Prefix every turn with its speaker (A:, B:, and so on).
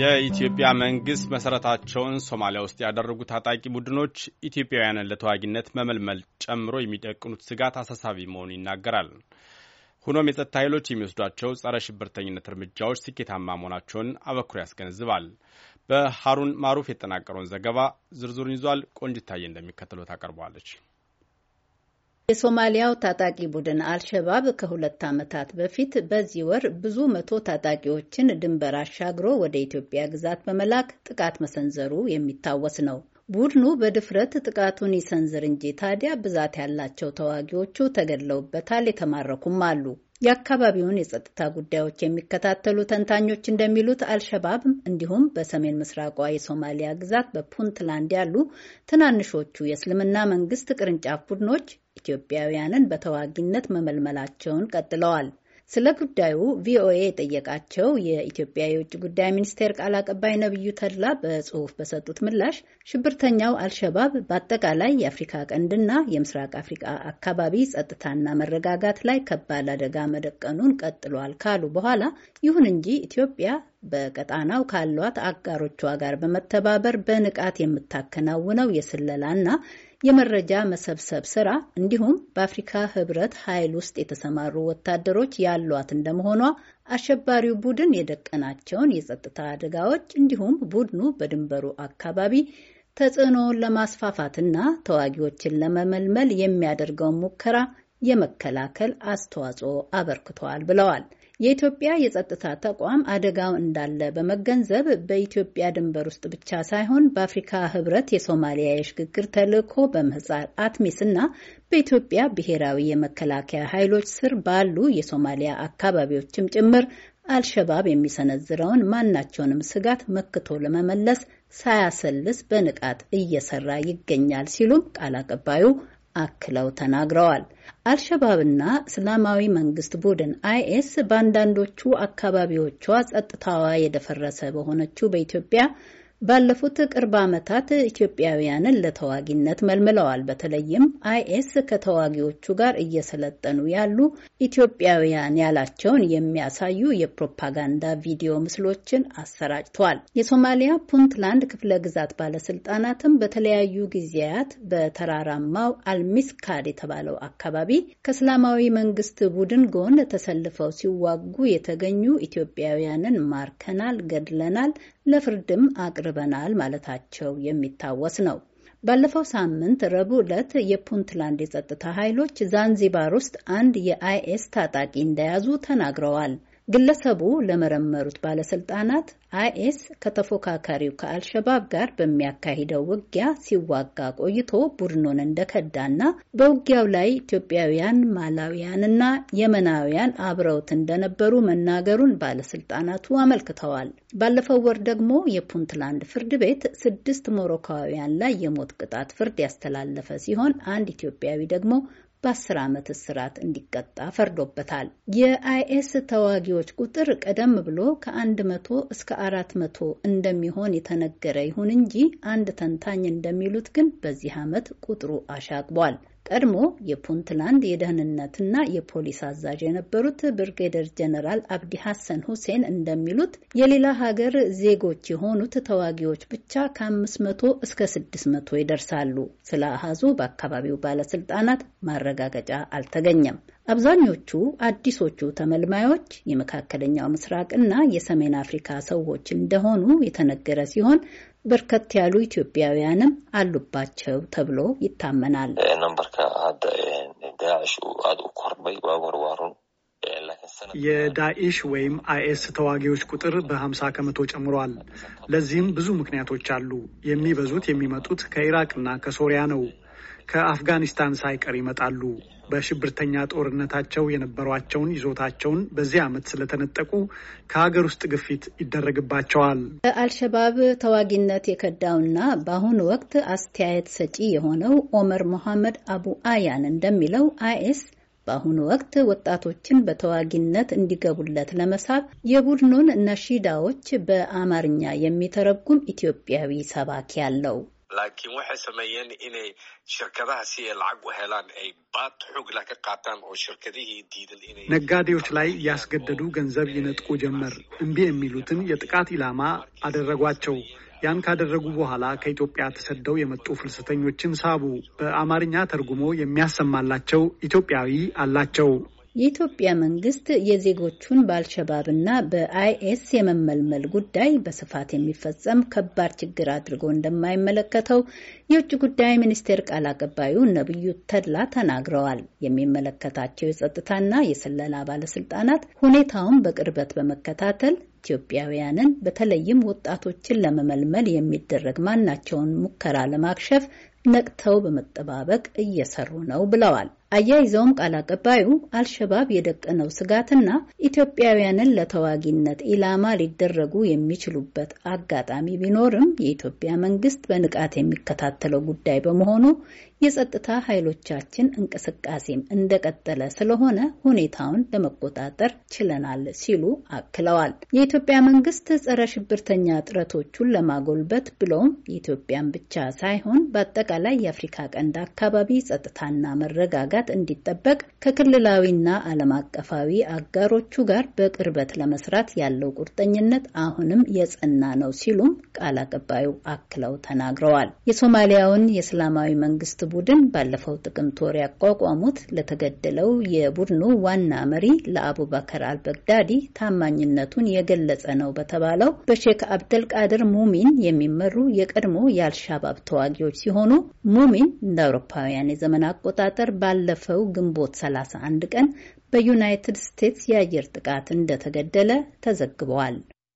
A: የኢትዮጵያ መንግስት መሰረታቸውን ሶማሊያ ውስጥ ያደረጉ ታጣቂ ቡድኖች ኢትዮጵያውያንን ለተዋጊነት መመልመል ጨምሮ የሚደቅኑት ስጋት አሳሳቢ መሆኑ ይናገራል። ሆኖም የጸጥታ ኃይሎች የሚወስዷቸው ጸረ ሽብርተኝነት እርምጃዎች ስኬታማ መሆናቸውን አበክሮ ያስገነዝባል። በሀሩን ማሩፍ የተጠናቀረውን ዘገባ ዝርዝሩን ይዟል። ቆንጅታዬ እንደሚከተለው ታቀርበዋለች። የሶማሊያው ታጣቂ ቡድን አልሸባብ ከሁለት ዓመታት በፊት በዚህ ወር ብዙ መቶ ታጣቂዎችን ድንበር አሻግሮ ወደ ኢትዮጵያ ግዛት በመላክ ጥቃት መሰንዘሩ የሚታወስ ነው። ቡድኑ በድፍረት ጥቃቱን ይሰንዝር እንጂ ታዲያ ብዛት ያላቸው ተዋጊዎቹ ተገድለውበታል፣ የተማረኩም አሉ። የአካባቢውን የጸጥታ ጉዳዮች የሚከታተሉ ተንታኞች እንደሚሉት አልሸባብ እንዲሁም በሰሜን ምስራቋ የሶማሊያ ግዛት በፑንትላንድ ያሉ ትናንሾቹ የእስልምና መንግስት ቅርንጫፍ ቡድኖች ኢትዮጵያውያንን በተዋጊነት መመልመላቸውን ቀጥለዋል። ስለ ጉዳዩ ቪኦኤ የጠየቃቸው የኢትዮጵያ የውጭ ጉዳይ ሚኒስቴር ቃል አቀባይ ነቢዩ ተድላ በጽሁፍ በሰጡት ምላሽ ሽብርተኛው አልሸባብ በአጠቃላይ የአፍሪካ ቀንድና የምስራቅ አፍሪካ አካባቢ ጸጥታና መረጋጋት ላይ ከባድ አደጋ መደቀኑን ቀጥሏል ካሉ በኋላ ይሁን እንጂ ኢትዮጵያ በቀጣናው ካሏት አጋሮቿ ጋር በመተባበር በንቃት የምታከናውነው የስለላና የመረጃ መሰብሰብ ስራ እንዲሁም በአፍሪካ ህብረት ኃይል ውስጥ የተሰማሩ ወታደሮች ያሏት እንደመሆኗ አሸባሪው ቡድን የደቀናቸውን የጸጥታ አደጋዎች እንዲሁም ቡድኑ በድንበሩ አካባቢ ተጽዕኖውን ለማስፋፋትና ተዋጊዎችን ለመመልመል የሚያደርገውን ሙከራ የመከላከል አስተዋጽኦ አበርክቷል ብለዋል። የኢትዮጵያ የጸጥታ ተቋም አደጋው እንዳለ በመገንዘብ በኢትዮጵያ ድንበር ውስጥ ብቻ ሳይሆን በአፍሪካ ህብረት የሶማሊያ የሽግግር ተልዕኮ በምህጻር አትሚስ እና በኢትዮጵያ ብሔራዊ የመከላከያ ኃይሎች ስር ባሉ የሶማሊያ አካባቢዎችም ጭምር አልሸባብ የሚሰነዝረውን ማናቸውንም ስጋት መክቶ ለመመለስ ሳያሰልስ በንቃት እየሰራ ይገኛል ሲሉም ቃል አቀባዩ አክለው ተናግረዋል። አልሸባብና እስላማዊ መንግስት ቡድን አይኤስ በአንዳንዶቹ አካባቢዎቿ ጸጥታዋ የደፈረሰ በሆነችው በኢትዮጵያ ባለፉት ቅርብ ዓመታት ኢትዮጵያውያንን ለተዋጊነት መልምለዋል። በተለይም አይኤስ ከተዋጊዎቹ ጋር እየሰለጠኑ ያሉ ኢትዮጵያውያን ያላቸውን የሚያሳዩ የፕሮፓጋንዳ ቪዲዮ ምስሎችን አሰራጭተዋል። የሶማሊያ ፑንትላንድ ክፍለ ግዛት ባለስልጣናትም በተለያዩ ጊዜያት በተራራማው አልሚስካድ የተባለው አካባቢ ከእስላማዊ መንግስት ቡድን ጎን ተሰልፈው ሲዋጉ የተገኙ ኢትዮጵያውያንን ማርከናል፣ ገድለናል ለፍርድም አቅርበናል ማለታቸው የሚታወስ ነው። ባለፈው ሳምንት ረቡዕ ዕለት የፑንትላንድ የጸጥታ ኃይሎች ዛንዚባር ውስጥ አንድ የአይኤስ ታጣቂ እንደያዙ ተናግረዋል። ግለሰቡ ለመረመሩት ባለስልጣናት አይኤስ ከተፎካካሪው ከአልሸባብ ጋር በሚያካሂደው ውጊያ ሲዋጋ ቆይቶ ቡድኑን እንደከዳና በውጊያው ላይ ኢትዮጵያውያን፣ ማላዊያንና የመናውያን አብረውት እንደነበሩ መናገሩን ባለስልጣናቱ አመልክተዋል። ባለፈው ወር ደግሞ የፑንትላንድ ፍርድ ቤት ስድስት ሞሮካውያን ላይ የሞት ቅጣት ፍርድ ያስተላለፈ ሲሆን አንድ ኢትዮጵያዊ ደግሞ በአስር ዓመት እስራት እንዲቀጣ ፈርዶበታል። የአይኤስ ተዋጊዎች ቁጥር ቀደም ብሎ ከአንድ መቶ እስከ አራት መቶ እንደሚሆን የተነገረ ይሁን እንጂ አንድ ተንታኝ እንደሚሉት ግን በዚህ ዓመት ቁጥሩ አሻቅቧል። ቀድሞ የፑንትላንድ የደህንነትና የፖሊስ አዛዥ የነበሩት ብርጌደር ጀነራል አብዲ ሐሰን ሁሴን እንደሚሉት የሌላ ሀገር ዜጎች የሆኑት ተዋጊዎች ብቻ ከ500 እስከ 600 ይደርሳሉ። ስለ አሃዙ በአካባቢው ባለስልጣናት ማረጋገጫ አልተገኘም። አብዛኞቹ አዲሶቹ ተመልማዮች የመካከለኛው እና የሰሜን አፍሪካ ሰዎች እንደሆኑ የተነገረ ሲሆን በርከት ያሉ ኢትዮጵያውያንም አሉባቸው ተብሎ ይታመናል። የዳኢሽ ወይም አይኤስ ተዋጊዎች ቁጥር በ ከመቶ ጨምሯል። ለዚህም ብዙ ምክንያቶች አሉ። የሚበዙት የሚመጡት ከኢራቅና ከሶሪያ ነው። ከአፍጋኒስታን ሳይቀር ይመጣሉ። በሽብርተኛ ጦርነታቸው የነበሯቸውን ይዞታቸውን በዚህ ዓመት ስለተነጠቁ ከሀገር ውስጥ ግፊት ይደረግባቸዋል። በአልሸባብ ተዋጊነት የከዳውና በአሁኑ ወቅት አስተያየት ሰጪ የሆነው ኦመር ሞሐመድ አቡ አያን እንደሚለው አይኤስ በአሁኑ ወቅት ወጣቶችን በተዋጊነት እንዲገቡለት ለመሳብ የቡድኑን ነሺዳዎች በአማርኛ የሚተረጉም ኢትዮጵያዊ ሰባኪ አለው። laakiin waxay sameeyeen inay shirkadaha si ay lacag u helaan ay baad xoog leh ka qaataan oo shirkadihii diidan inay ነጋዴዎች ላይ ያስገደዱ ገንዘብ ይነጥቁ ጀመር። እምቢ የሚሉትን የጥቃት ኢላማ አደረጓቸው። ያን ካደረጉ በኋላ ከኢትዮጵያ ተሰደው የመጡ ፍልሰተኞችን ሳቡ። በአማርኛ ተርጉሞ የሚያሰማላቸው ኢትዮጵያዊ አላቸው። የኢትዮጵያ መንግስት የዜጎቹን በአልሸባብና በአይኤስ የመመልመል ጉዳይ በስፋት የሚፈጸም ከባድ ችግር አድርጎ እንደማይመለከተው የውጭ ጉዳይ ሚኒስቴር ቃል አቀባዩ ነብዩ ተድላ ተናግረዋል። የሚመለከታቸው የጸጥታና የስለላ ባለስልጣናት ሁኔታውን በቅርበት በመከታተል ኢትዮጵያውያንን በተለይም ወጣቶችን ለመመልመል የሚደረግ ማናቸውን ሙከራ ለማክሸፍ ነቅተው በመጠባበቅ እየሰሩ ነው ብለዋል። አያይዘውም ቃል አቀባዩ አልሸባብ የደቀነው ስጋትና ኢትዮጵያውያንን ለተዋጊነት ኢላማ ሊደረጉ የሚችሉበት አጋጣሚ ቢኖርም የኢትዮጵያ መንግስት በንቃት የሚከታተለው ጉዳይ በመሆኑ የጸጥታ ኃይሎቻችን እንቅስቃሴም እንደቀጠለ ስለሆነ ሁኔታውን ለመቆጣጠር ችለናል ሲሉ አክለዋል። የኢትዮጵያ መንግስት ጸረ ሽብርተኛ ጥረቶቹን ለማጎልበት ብሎም የኢትዮጵያን ብቻ ሳይሆን በአጠቃላይ የአፍሪካ ቀንድ አካባቢ ጸጥታና መረጋጋት ጉዳት እንዲጠበቅ ከክልላዊና ዓለም አቀፋዊ አጋሮቹ ጋር በቅርበት ለመስራት ያለው ቁርጠኝነት አሁንም የጸና ነው ሲሉም ቃል አቀባዩ አክለው ተናግረዋል። የሶማሊያውን የእስላማዊ መንግስት ቡድን ባለፈው ጥቅምት ወር ያቋቋሙት ለተገደለው የቡድኑ ዋና መሪ ለአቡበከር አልበግዳዲ ታማኝነቱን የገለጸ ነው በተባለው በሼክ አብደልቃድር ሙሚን የሚመሩ የቀድሞ የአልሻባብ ተዋጊዎች ሲሆኑ ሙሚን እንደ አውሮፓውያን የዘመን አቆጣጠር ባለ ባለፈው ግንቦት 31 ቀን በዩናይትድ ስቴትስ የአየር ጥቃት እንደተገደለ ተዘግበዋል።